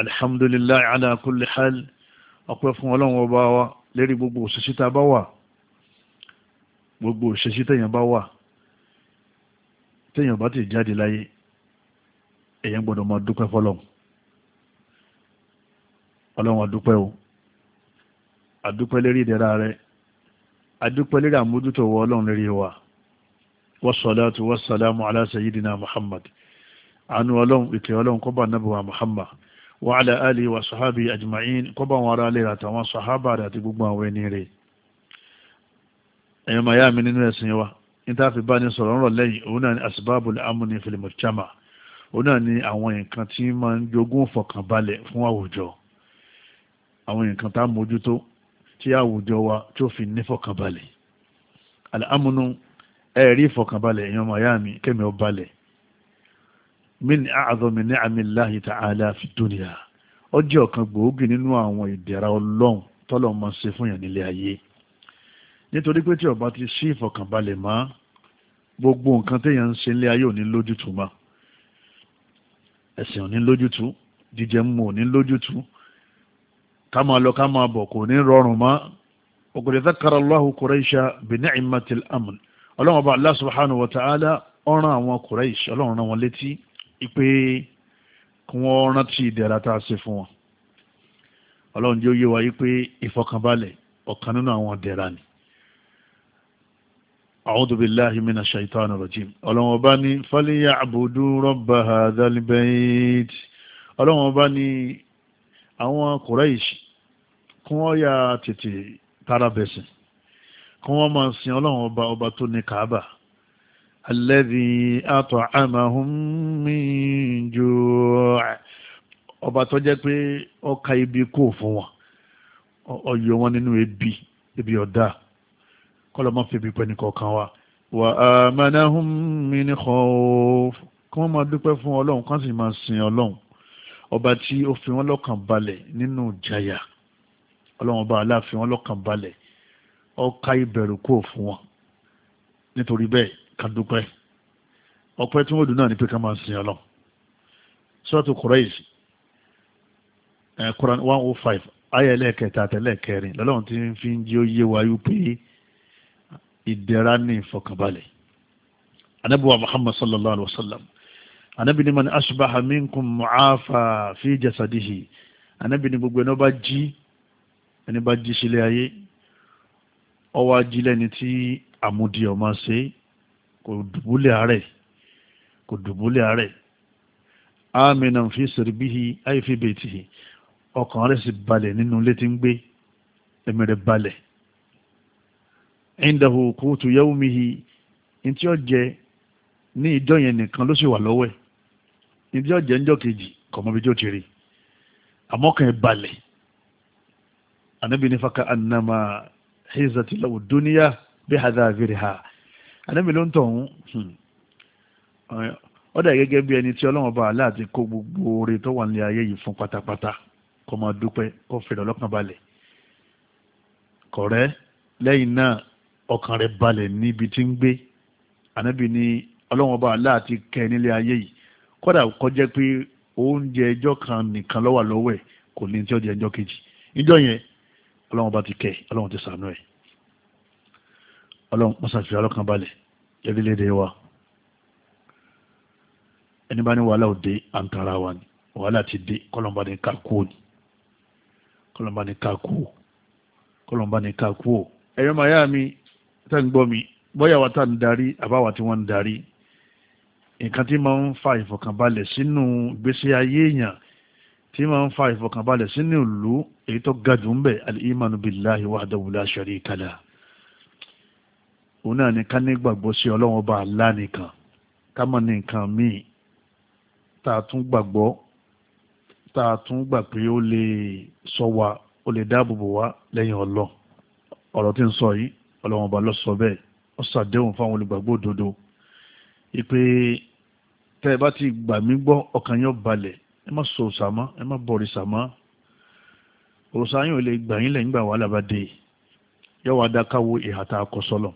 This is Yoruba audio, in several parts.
alhamdulillahi ala kulli hal ọpẹ́ fún ọlọ́run ọba wa lérí gbogbo òṣìṣẹ́ tá a bá wà gbogbo òṣìṣẹ́ tẹ̀yàn bá wà tẹ̀yàn bá ti jáde láyé èyàn gbọ́dọ̀ máa dúpẹ́ fọlọ́run ọlọ́run àdúpẹ́ o àdúpẹ́ lérí ìdẹ̀ra rẹ àdúpẹ́ lérí àmójútó wọ ọlọ́run lérí wa wassalatu wassalamu ala sayyidina muhammad àánú ọlọ́run ìkẹ́ ọlọ́run kó bá wa muhammad wa ala ali wa sahabi ajma'in kọ́bà wọn ará lè àtàwọn sahaba rẹ̀ àti gbogbo àwọn ẹni rẹ̀ ẹ̀yọ́ màá yá mi nínú ẹ̀sìn wa níta fi bá ní sọ̀rọ̀ ńrọ̀ lẹ́yìn òun náà ni asbabul amni fil mujtama òun náà ni àwọn nǹkan tí máa ń jogún fọkànbalẹ̀ fún àwùjọ àwọn nǹkan tá a mójútó tí àwùjọ wa tó fi ní fọkànbalẹ̀ àlàámúnú ẹ̀rí fọkànbalẹ̀ èèyàn màyá mi kẹ́mi ọ balẹ̀ min a'zami ni'ami Allahi ta'ala fi dunya ó jẹ́ ọ̀kan gbòógì nínú àwọn ìdẹ̀ra ọlọ́run tọ́lọ̀ máa ṣe fún yàn nílé ayé nítorí pé tí ó bá ti sí ìfọ̀kànbalẹ̀ mọ́ gbogbo nǹkan téèyàn ń ṣe nílé ayé ò ní lójútu mọ́ ẹ̀sìn ò ní lójútu jíjẹ mu ò ní lójútu ká máa lọ ká máa bọ̀ kò ní rọrùn mọ́ ògùnrin zakara Allahu Quraisha bi ni'matil amn ọlọ́run ọba Allah wa ta'ala ọ̀ràn àwọn Quraish ọlọ́run rán wọn létí ipe kí wọ́n rántí ìdẹ̀ra tá a ṣe fún wọn ọlọ́run jẹ́ ó yé wa yí pé ìfọkànbalẹ̀ ọ̀kan nínú àwọn ìdẹ̀ra ni a'udhu billahi minash shaitani rajim ọlọ́run ọba ní falya'budu rabba hadhal bayt ọlọ́run ọba ní àwọn Quraish kí wọ́n yà tètè tara bẹ̀sìn kí wọ́n máa sin ọlọ́run ọba ọba tó ní Kaaba alladhi at'amahum min ju' ọba tó jẹ́ pé ó ka ibi kò fún wọn ó yọ wọn nínú ebi ebi ọ̀dà kọ́lọ́ máa fi ibi pẹ́ nìkọ̀ọ̀kan wa wa amanahum min khawf kí wọ́n máa dúpẹ́ fún ọlọ́run kán sì máa sin ọlọ́run ọba tí ó fi wọ́n lọ́kàn balẹ̀ nínú jaya ọlọ́run ọba aláàfin wọ́n lọ́kàn balẹ̀ ó ka ìbẹ̀rù kò fún wọn nítorí bẹ́ẹ̀ kan dúpẹ́ ọpẹ́ tí wọ́n dùn náà ni pé ká máa sin ọlọ́ sọ́ọ̀tù kùrẹ́ìsì Quran one oh five ayé ẹlẹ́ẹ̀kẹta àtẹlẹ́ẹ̀kẹrin lọ́lọ́run ti fi ń jí ó yé wa pé ìdẹ̀ra ní ìfọkànbalẹ̀ anabiwa Muhammad sallallahu alaihi wa sallam anabi ni man asbaha minkum mu'afa fi jasadihi anabi ni gbogbo ẹni ọba jí ẹni bá jí sílẹ̀ ayé ọwọ́ ajílẹ̀ ni tí àmúdi ọmọ ṣe é kò dùbúlẹ̀ àárẹ̀ kò dùbúlẹ̀ àárẹ̀ amina fi sirbihi ay fi baitihi ọkàn rẹ̀ sì balẹ̀ nínú ilé tí ń gbé ẹ̀mí rẹ̀ balẹ̀ indahu qutu yawmihi ntí ó jẹ ní ìjọ yẹn nìkan ló sì wà lọ́wọ́ ẹ̀ ntí ó jẹ ńjọ́ kejì kọ̀mọ́bí tó ti rí àmọ́ ẹ̀ balẹ̀ anabi nífa ka annama hizati lawu duniya bí hadha ànábì ló ń tọ̀ ọ̀hún ó dà gẹ́gẹ́ bí ẹni tí ọlọ́run bá aláàtí kó gbogbo oore tó wà nílé ayé yìí fún pátápátá kó máa dúpẹ́ kó fèrè ọlọ́kàn balẹ̀ kọ̀rẹ́ lẹ́yìn náà ọkàn rẹ̀ balẹ̀ níbi tí ń gbé ànábì ni ọlọ́run bá aláàtí kẹ́ nílé ayé yìí kódà kó jẹ́ pé oúnjẹ ẹjọ́ kan nìkan ló wà lọ́wọ́ ẹ̀ kò ní tí ó di kejì níjọ́ yẹn ọlọ́run bá ti kẹ́ ọlọ́run ti sànú ẹ̀ ọlọ́run pọ́sàfì alọ́kan balẹ̀ lórílẹ̀-èdè wa ẹni bá ní wàhálà òde àǹtara wa ni wàhálà ti dé kọ́lọ́mbà ní kakú ni kọ́lọ́mbà ní kakú kọ́lọ́mbà ní kakú ẹ̀yọ́ màá yá mi tá ń gbọ́ mi bóyá wa tá ń darí àbáwa tí wọ́n ń darí nǹkan tí máa ń fa ìfọ̀kànbalẹ̀ sínú ìgbésí ayé èèyàn tí máa ń fa ìfọ̀kànbalẹ̀ sínú ìlú èyí tó ga jù ń bẹ al-imanu billahi wahdahu la sharika òun náà ni ká nígbàgbọ́ sí ọlọ́run ọba àlá nìkan ká mọ̀ ní nǹkan míì tá a tún gbàgbọ́ tá a tún gbà pé ó lè sọ wa ó lè dáàbò bò wá lẹ́yìn ọlọ́ ọ̀rọ̀ tí ń sọ yìí ọlọ́run ọba ló sọ bẹ́ẹ̀ ó ṣàdéhùn fáwọn olùgbàgbọ́ òdodo ìpè tẹ́ ẹ bá ti gbà mí gbọ́ ọkàn yóò balẹ̀ ẹ má sọ òòṣà mọ́ ẹ má bọ̀rìṣà mọ́ òòṣà yóò lè gbà yín lẹ́yìn gbà wàhálà bá dé yọ wá dá káwo ìhà tá a kọ sọ́lọ̀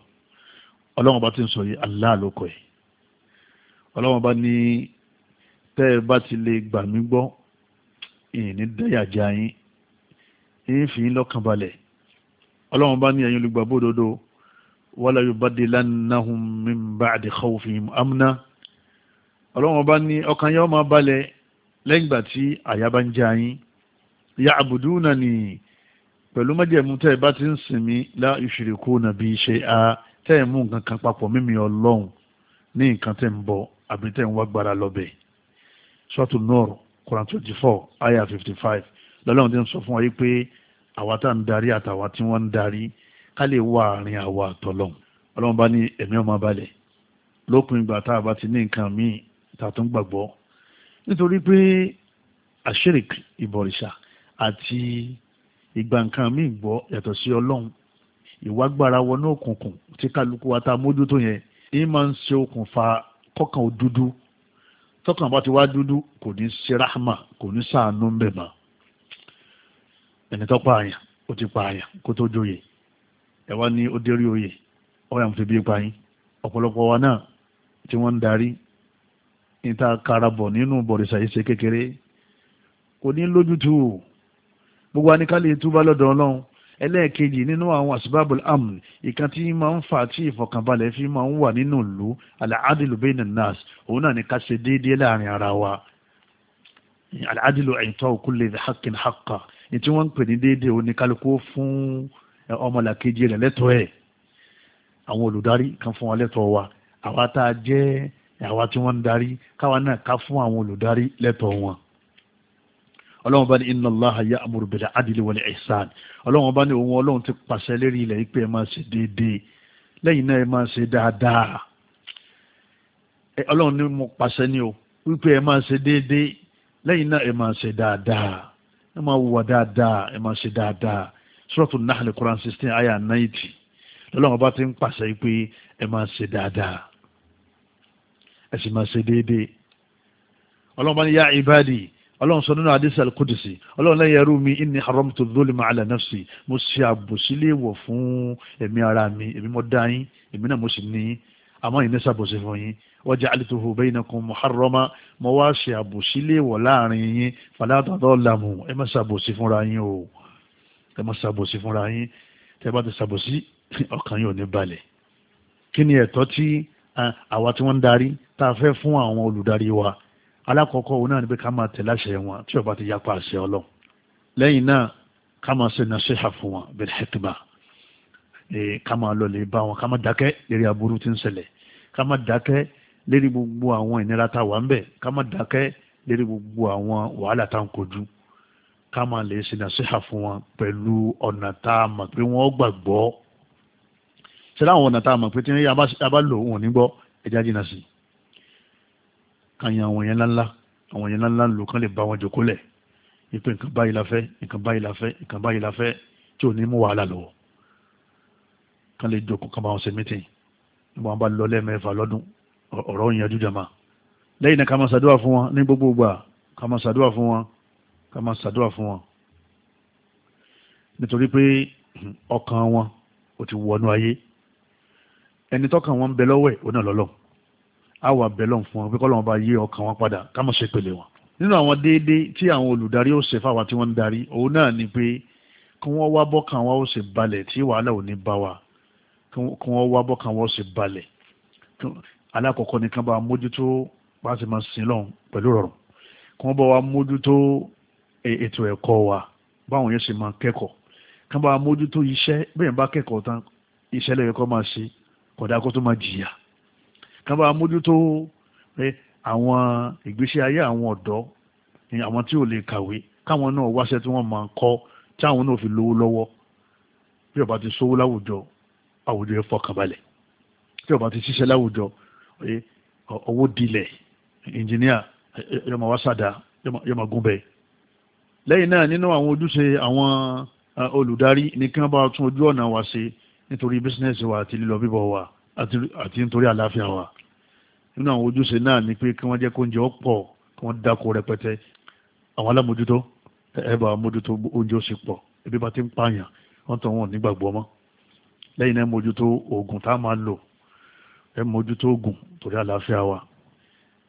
ọlọ́run bá ti ń sọ yìí Allah ló kọ ẹ̀ ọlọ́run bá ní tẹ́ ẹ bá ti lè gbà mí gbọ́ ìní dẹ́yàjà yín ń fi yín lọ́kàn balẹ̀ ọlọ́run bá ní ẹ̀yin olùgbàgbọ́ òdodo wala yubaddilannahum min ba'di khawfihim amna ọlọ́run bá ní ọkàn yẹn ó máa balẹ̀ lẹ́yìn ìgbà tí àyà bá ń já yín ya'budunani pẹ̀lú májẹ̀mú tẹ́ ẹ bá ti ń sìn mí la yushrikuna bi shay'a tẹ́ ẹ̀ mú nǹkan kan papọ̀ mímí ọlọ́run ní nǹkan tẹ́ ń bọ̀ àbí tẹ́ ń wá gbára lọ́bẹ̀ sọ́tù nọ́ọ̀rù Quran twenty four ayah fifty five lọ́lọ́run ti ń sọ fún wa yí pé àwa tá à ń darí àtàwa tí wọ́n ń darí ká lè wá àárín àwa àtọ́lọ́run ọlọ́run bá ní ẹ̀mí ọmọ balẹ̀ lópin ìgbà tá a bá ti ní nǹkan míì tá a tún gbàgbọ́ nítorí pé àṣírí ìbọ̀rìṣà àti ìgbà nǹkan míì gbọ́ yàtọ̀ sí ọlọ́run ìwágbára wọnú òkùnkùn tí kálukú wa ta mójútó yẹn èyí máa ń ṣe okùnfà kọkàn ó tọkàn bá ti wá dúdú kò ní ṣe rahma kò ní sàánú ń bẹ̀ mọ́ ẹni tó pààyàn ó ti pààyàn kó tó joyè ẹ wá ní ó dérí oyè ọ̀rẹ́ àwọn fi bí ipa yín ọ̀pọ̀lọpọ̀ wa náà tí wọ́n ń darí níta karabọ̀ nínú bọ̀rìṣà yìí ṣe kékeré kò ní lójútu gbogbo aníkálẹ̀ túbá lọ́dọ̀ ọlọ́run ẹlẹ́ẹ̀kejì nínú àwọn asbabul amn ìkan tí máa ń fà tí ìfọ̀kànbalẹ̀ fi máa ń wà nínú ìlú al-adilu bainan nas òun náà ni ká ṣe déédéé láàrin ara wa al-adilu i'ta'u kulli dhi haqqin haqqa ní tí wọ́n ń pè ní déédéé oníkálukú fún ọmọlàkejì rẹ̀ lẹ́tọ̀ọ́ ẹ̀ àwọn olùdarí kan fún wa lẹ́tọ̀ọ́ wa àwa tá a jẹ́ àwa tí wọ́n ń darí káwa náà ká fún àwọn olùdarí lẹ́tọ̀ọ́ wọn ọlọ́run bá ní inna Allaha ya'muru bil adli wal ihsan ọlọ́run bá ní òun ọlọ́run ti pàṣẹ lérí ilẹ̀ yìí pé ẹ máa ṣe déédéé lẹ́yìn náà ẹ máa ṣe dáadáa ọlọ́run ní mo pàṣẹ ní o wípé ẹ máa ṣe déédéé lẹ́yìn náà ẹ máa ṣe dáadáa ẹ máa wùwà dáadáa ẹ máa ṣe dáadáa Suratu Nahl Quran sixteen ayah ninety lọ́lọ́run bá ti ń pàṣẹ pé ẹ máa ṣe dáadáa ẹ sì máa ṣe déédéé ọlọ́run bá ní yá ibadi ọlọ́run sọ nínú hadith al-qudsi ọlọ́run lẹ́yìn ẹrú mi inni haramtu dhulma ala nafsi mo ṣe àbòsí léèwọ̀ fún ẹ̀mí ara mi èmi mo dá yín èmi náà mo sì ní àmọ́ ìní ṣàbòsí fún yín waja'altuhu baynakum muharrama mo wá ṣe àbòsí léèwọ̀ láàrin yín fala tadhallamu ẹ má ṣàbòsí fúnra yín o ẹ má ṣàbòsí fúnra yín tẹ bá ti ṣàbòsí ọkàn yóò ní balẹ̀ kí ni ẹ̀tọ́ tí àwa tí wọ́n ń darí tá a fẹ́ fún àwọn olùdarí wa alákọ̀ọ́kọ́ òun náà ni pé ká máa tẹ̀lé àṣẹ wọn tí ó bá ti yapa àṣẹ ọlọ́run lẹ́yìn náà ká máa ṣe nàṣẹ́hà fún wọn bil hikma ká máa lọ lè bá wọn ká máa dákẹ́ lérí aburú tí ń ṣẹlẹ̀ ká máa dákẹ́ lérí gbogbo àwọn ìnira tá a wà ń bẹ̀ ká máa dákẹ́ lérí gbogbo àwọn wàhálà tá a ń kojú ká máa lè ṣe nàṣẹ́hà fún wọn pẹ̀lú ọ̀nà tá a mọ̀ pé wọ́n gbàgbọ́ ṣe láwọn ọ̀nà tá a mọ̀ pé tí wọ́n yá a bá lò wọn ní gbọ́ ẹ̀já jìnnà sí i kàyàn àwọn èèyàn ńláńlá àwọn èèyàn ńláńlá ló kán lè bá wọn jòkó lẹ̀ ipe nǹkan báyìí la fẹ́ nǹkan báyìí la fẹ́ nǹkan báyìí la fẹ́ tí ò ní mú wàhálà lọ́wọ́ kán lè jòkó kán bá wọn ṣe mítìn nígbà wọn bá lọ lẹ́ẹ̀mẹ́fà lọ́dún ọ̀rọ̀ ìyànjú jàmá lẹ́yìn náà ká máa ṣàdúrà fún wọn ní gbogbo ìgbà ká máa ṣàdúrà fún wọn ká máa ṣàdúrà fún wọn nítorí pé ọkàn wọn ò ti wọnú ayé ẹni tọ́kàn wọn ń bẹ lọ́wọ́ ẹ̀ ó náà lọ́lọ́run á wà bẹ̀lọ̀ fún wọn pé kọ́lọ́wọ́n bá yí ọkàn wọn padà ká mọ̀ ṣe pèlè wọn. nínú àwọn déédéé tí àwọn olùdarí ó ṣe fáwọn tí wọ́n ń darí òun náà ni pé kí wọ́n wá bọ́kàn wọn ó ṣe balẹ̀ tí wàhálà ò ní bá wa kí wọ́n wá bọ́kàn wọn ó ṣe balẹ̀ alákọ̀ọ́kọ́ nìkan bá mójútó pàṣẹ máa sin lọ́hùn pẹ̀lú rọrùn kí wọ́n bá wa mójútó e, ètò ẹ̀kọ́ wa báwọn yẹn ṣe máa kẹ́kọ̀ọ́ kí mójútó iṣẹ́ bẹ́ẹ̀ bá kẹ́kọ̀ọ́ tán iṣẹ́ lẹ́yìn kọ́ máa ṣe kódà kó tó máa jìyà kán bá mójútó àwọn ìgbésí ayé àwọn ọ̀dọ́ àwọn tí ò lè kàwé káwọn náà wáṣẹ́ tí wọ́n máa kọ́ tí àwọn náà fi lówó lọ́wọ́ bí ọba ti sówó láwùjọ àwùjọ yẹn fọkànbalẹ̀ tí ọba ti ṣiṣẹ́ láwùjọ owó dilẹ̀ ìnjìníà yóò máa wá sàdá yóò máa gúnbẹ̀ lẹ́yìn náà nínú àwọn ojúṣe àwọn eh, olùdarí ní kí wọ́n bá tún ojú ọ̀nà wa ṣe nítorí bísínẹ́sì wa àti lílọ bíbọ̀ wa àti nítorí àlàáfíà wa nínú àwọn ojúṣe náà ni pé kí wọ́n jẹ́ kóúnjẹ ó pọ̀ kí wọ́n dáko rẹpẹtẹ àwọn alámòjútó ẹ̀bà amójútó oúnjẹ ó sì pọ̀ ebi bá ti ń pààyàn wọ́n tàn wọ́n nígbàgbọ́ mọ́ lẹ́yìn náà mójútó oògùn tá a máa lò ẹ mójútó oògùn torí àlàáfíà wa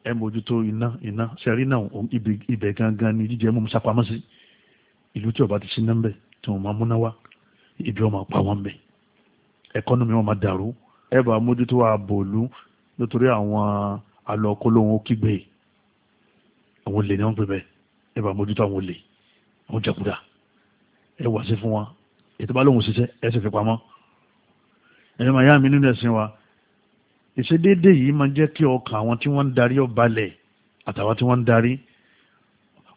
ẹ mójútó iná iná sẹ́rí náà ibẹ̀ gangan ni jíjẹ mú sapamọ́ sí ìlú tí ọba ti sí náà ń bẹ̀ tí wọ́n máa múná wá ibi wọn máa pa wọn bẹ̀ ẹ̀kọ́nọ́mì ẹ bá mójútó àbòlú nítorí àwọn alọ́kọ́lóhun kígbe àwọn olè ni wọ́n ń pè bẹ́ẹ̀ ẹ bá mójútó àwọn olè àwọn jẹkúdà ẹ wà sí fún wa ètò bá lóhun ṣiṣẹ́ ẹ sì fi pamọ́ ẹ̀yẹ́ màá yá mi nínú ẹ̀sìn wa ìṣedéédé yìí máa jẹ́ kí ọkàn àwọn tí wọ́n ń darí ó balẹ̀ àtàwọn tí wọ́n ń darí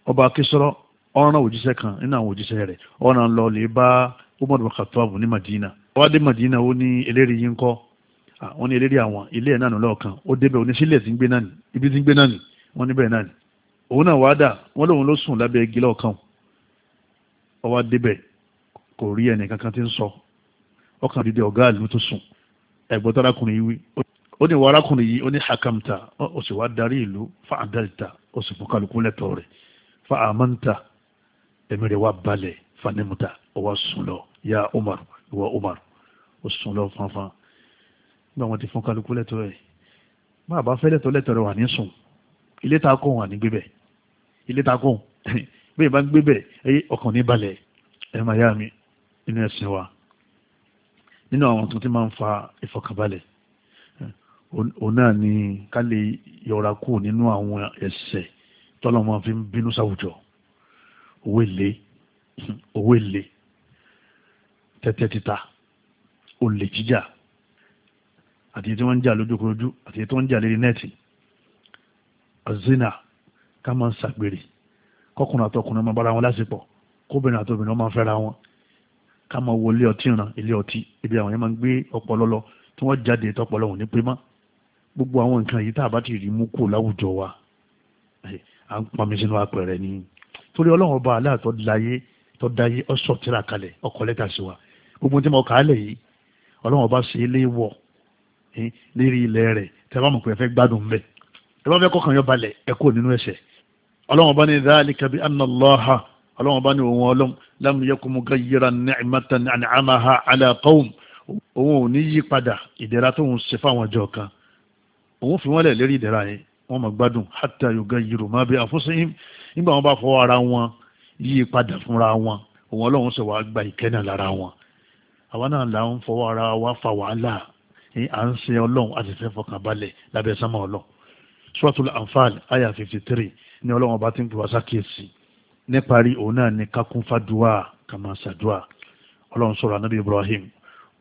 ọba akísọ́rọ́ ọ̀ràn òjíṣẹ́ kan nínú àwọn òjíṣẹ́ rẹ̀ ọ̀ràn lọ bá Umar bin ní Madina wá dé Madina ó ní eléyìí ń kọ́ wọ́n ní eléré àwọn ilé ẹ̀ náà nù lọ́ọ̀kan ó débẹ̀ oníṣílẹ̀ tí ń gbé náà nì ibi tí ń gbé náà nì wọ́n níbẹ̀ náà nì òun náà wá dà wọ́n lóun ló sùn lábẹ́ igi lọ́ọ̀kan ó wá débẹ̀ kò rí ẹnì kankan tí ń sọ ọkàn dídé ọ̀gá àlù tó sùn ẹ̀gbọ́n tarakùnrin yìí wí ó ní wàá arákùnrin yìí ó ní hakamta ó sì wá darí ìlú fa àdàlìta ó sì fún kálukú fa àmọ́ǹta ẹ̀mí rẹ̀ wá balẹ̀ fanimuta ó wá ya Umar ìwọ Umar ó sùn fanfan nígbà wọn ti fún kálukú lẹ́tọ̀ọ́ rẹ̀ máa bá fẹ́ lẹ́tọ̀ọ́ lẹ́tọ̀ọ́ rẹ̀ wà ní sùn ilé ta kóhùn wà ní gbébẹ̀ ilé ta kóhùn bẹ́ẹ̀ bá ń gbébẹ̀ ẹyẹ ọkàn ní balẹ̀ ẹ máa yá mi nínú ẹ̀sìn wa nínú àwọn tó ti máa ń fa ìfọkànbalẹ̀ òun náà ni ká lè yọra kú nínú àwọn ẹ̀ṣẹ̀ tọ́lọ́ máa fi bínú sáwùjọ owó èlé owó èlé tẹ́tẹ́ títa olè jíjà àti tí wọ́n ń jà lójúkorojú àti tí wọ́n jà lérí nẹ́ẹ̀tì azina ká máa ń ṣàgbèrè kọkùnrin àtọkùnrin máa bára wọn lásìpọ̀ kóbìnrin àtọbìnrin máa ń fẹ́ra wọn ká máa wọ ọtí ìran ilé ọtí ibi àwọn yẹn máa ń gbé ọpọlọ lọ tí wọ́n jáde tọpọlọ wọn ní pé má gbogbo àwọn nǹkan yìí tá a bá ti rí mú kó láwùjọ wa à ń pọnmi sínú apẹ̀rẹ̀ ni torí ọlọ́run ọba aláàtọ̀ láyé tọ́ dáyé ọ̀sọ̀ tíra kalẹ̀ ọkọ̀ lẹ́tà sí wa gbogbo tí mo kà á lẹ̀ yìí ọlọ́run ọba ṣe é léwọ̀ lérí ilẹ̀ rẹ̀ tẹ́ bá mọ̀ pé ẹ fẹ́ gbádùn bẹ́ẹ̀ ẹ bá fẹ́ kọ́kàn yọ balẹ̀ ẹ kúrò nínú ẹ̀ṣẹ̀ ọlọ́run bá ní dhalika bi anna Allaha ọlọ́run bá ní òun ọlọ́run lam yakun mughayyiran ni'matan an'amaha ala qawm òun ò ní yí padà ìdẹ̀ra tó ń ṣe fáwọn ọjọ́ kan òun fi wọ́n lẹ̀ lérí ìdẹ̀ra yẹn wọ́n máa gbádùn hatta yughayyiru ma bi anfusihim nígbà wọn bá fọwọ́ ara wọn pé à ń ṣe ọlọ́run a sì fẹ́ fọkàn balẹ̀ lábẹ́ sánmọ́ ọlọ́run Suratul Anfal aya fifty three ní ọlọ́run ọba ti ń pè wá sákèésì níparí òun náà ni kákún fàdúà kàmá sàdúà ọlọ́run sọ̀rọ̀ anábì Ibrahim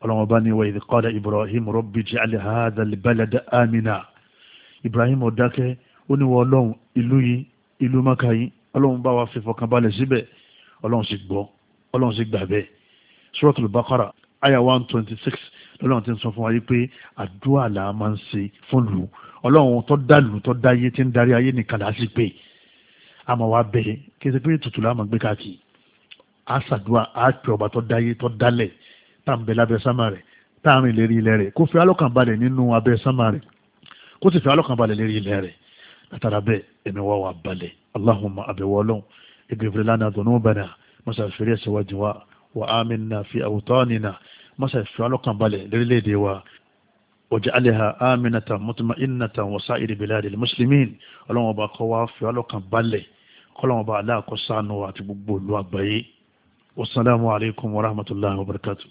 ọlọ́run ọba ni wa idh qala Ibrahim rabbi ij'al hadha al-balada amina Ibrahim ọ̀dákẹ́ ó ní wọ́n ọlọ́run ìlú yìí ìlú maka yìí ọlọ́run bá wa fi fọkàn balẹ̀ síbẹ̀ ọlọ́run sì gbọ́ ọlọ́run sì gbà bẹ́ẹ̀ Suratul àyà one twenty six lọ́lọ́run ti ń sọ fún wa yìí pé àdúrà là á máa ń ṣe fún lù ọlọ́run tó dá lù tó dá ayé tí ń darí ayé nìkan là á sì pé àmọ́ wa bẹ̀rẹ̀ kí ẹ ṣe pé ètùtù là á máa gbé káàkiri á ṣàdúrà á pè ọba tó dá ayé tó dálẹ̀ tá à ń bẹ lábẹ́ sámà rẹ̀ tá à ń rìn lérí ilẹ̀ rẹ̀ kó fi alọ́kànbalẹ̀ nínú abẹ́ sámà rẹ̀ kó sì fi alọ́kànbalẹ̀ lérí ilẹ̀ rẹ̀ látara bẹ́ẹ̀ ẹ̀mí wa wà balẹ̀ Allahumma abẹ́wọ́ ọlọ́run ìgbèfèrè lánàá dùnú bẹ̀rẹ̀ mọ́sàfẹ́rẹ́ ṣèwádìí wa wa amina fi awtanina mọ́sà ìfẹ́ ọlọ́kànbalẹ̀ lórílẹ̀‐èdè wa waj'alha aminatan mutma'innatan wa sa'iri biladil muslimin ọlọ́wọ́n bá kọ́ wá fi ọlọ́kànbalẹ̀ kọ́lọ́wọ́n bá aláàkọ́sánú àti gbogbo olú àgbáyé wasalaamu alaykum wa rahmatulahi wa barakatuh.